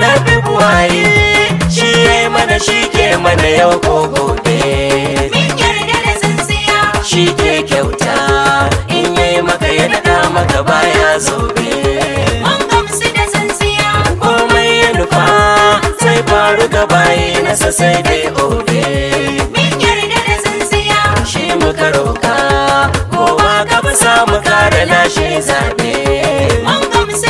rabi buhari shi ya yi mana shi ke mana yau ko gobe min yarda da tsintsiya shi ke kyauta in ya yi maka ya daɗa maka baya zobe mun gamsu da tsintsiya komai ya nufa sai faru ga yi nasa sai dai obe min yarda da tsintsiya shi muka roka kowa ka fi samu kare lashe zaɓe mun gamsu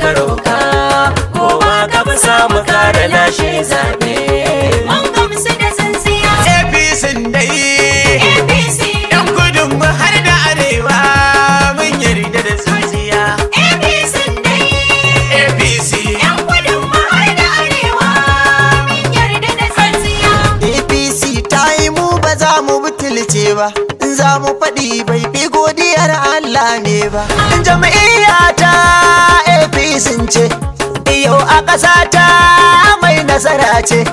ka roka ko ka fi samu kare lashe zaɓe. da APC APC. da arewa mun yarda da APC APC. da arewa mun yarda da APC ta yi mu za mu butulce ba. In za mu faɗi bai fi godiyar Allah ne ba. In ta. fisince sun ce yau a ƙasa mai nasara ce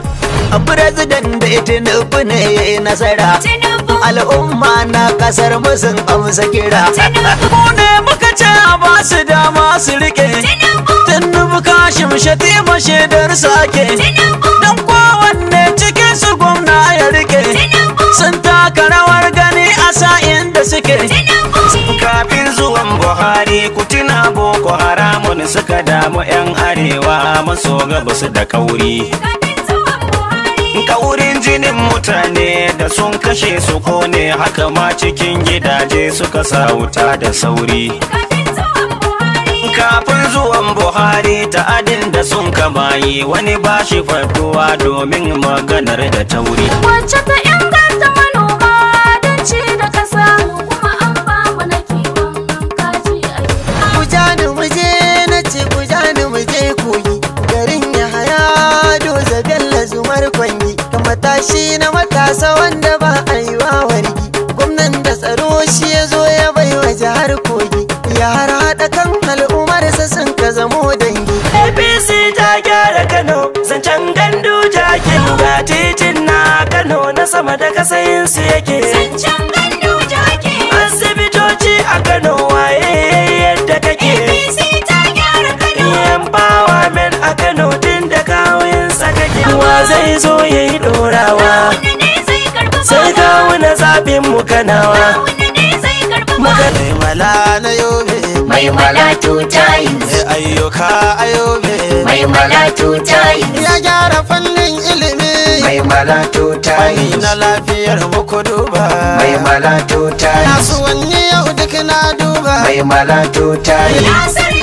a firazidan da tinubu ne ya yi nasara al'umma na ƙasar musun amsa kira mu ne muka ce a ba su dama su rike tinubu kashim shatima shaidar sake kafin zuwan buhari kutina boko haramun suka damu 'yan arewa maso gabas da kauri kaurin jinin mutane da sun kashe su kone haka ma cikin gidaje suka sa wuta da sauri kafin zuwan buhari ta'adin da sun kamayi wani bashi faduwa domin maganar da tauri wacce ta sama da kasayin su yake ke. asibitoci a Kano waye yadda kake APC ta gyara Kano man a Kano din da kawoyin sa kake wa zai zo ya yi dorawa sai kawo na zabin mu kanawa muka mala na yobe mai to times ayyuka ayobe mai to times ya gyara fannin ilimi mai malato ta yi na lafiyar muku duba mai malato ta yi kasuwanni yau duk na duba mai malato ta yi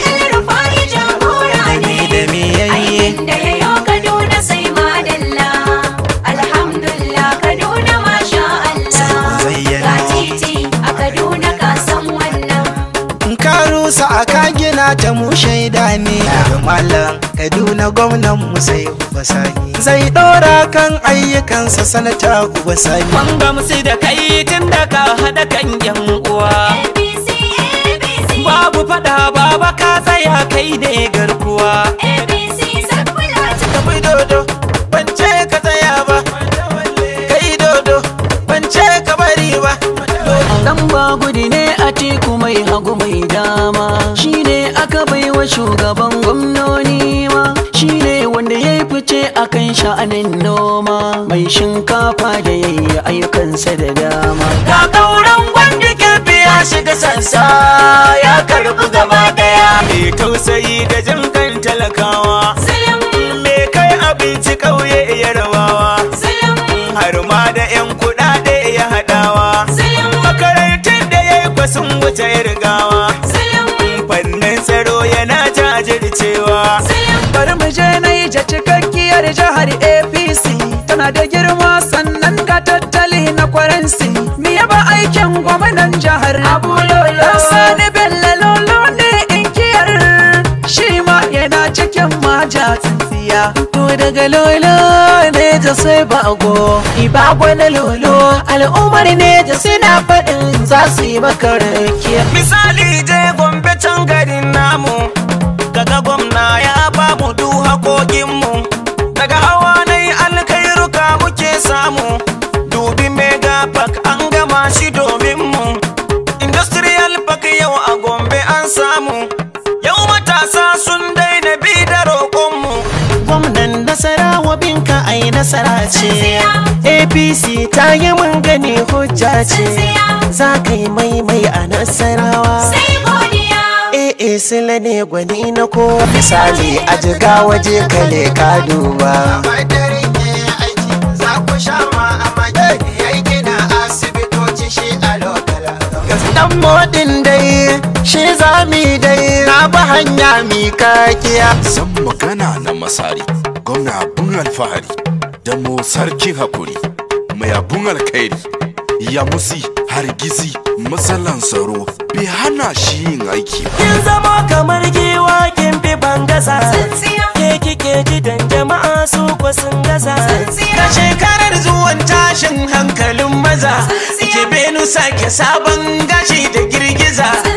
musa a gina ta mu shaida ne malam kaduna gwamnan mu sai uba sani zai dora kan ayyukansa sanata uba sani mun gamsu da kai tun da ka hada kan yan uwa babu fada baba ka tsaya kai da garkuwa gwamnoni ma shine wanda ya yi fice a kan sha'anin noma mai shinkafa da ya yi ayyukansa da dama ga kauran gwanda kirfi ya shiga sansa ya karbi gaba daya mai tausayi da jin kan talakawa mai kai abinci ƙauye ya rawawa har ma da 'yan kuɗaɗe ya haɗawa makarantar da ya yi kwasan wuce ya rigawa jam'iyyar jihar apc tana da girma sannan ga tattali na kwaransi mi yaba aikin gwamnan jihar abulolo sani bello lolo ne inkiyar shi ma yana cikin maja tsintsiya to daga lolo ne ja sai bago ibago na lolo al'ummar ne ja suna faɗin za su yi maka misali je gombe can garin namu daga gwamna ya bamu du haƙoƙinmu a yi nasara ce apc ta yi mun gani hujja ce za ka yi maimai a nasarawa e sila ne gwani na ko. misali a jiga waje kale ka duba dan modin dai shi zami dai na ba hanya mi kakiya san magana na masari gwamna abun alfahari da mu sarkin hakuri mai abun alkhairi ya musi hargizi matsalan tsaro bai hana shi yin aiki ba kin zama kamar giwa kin fi bangaza. ke kike ji dan jama'a su ku sun gaza ka shekarar zuwan tashin hankalin maza ki benu sake sabon gashi da girgiza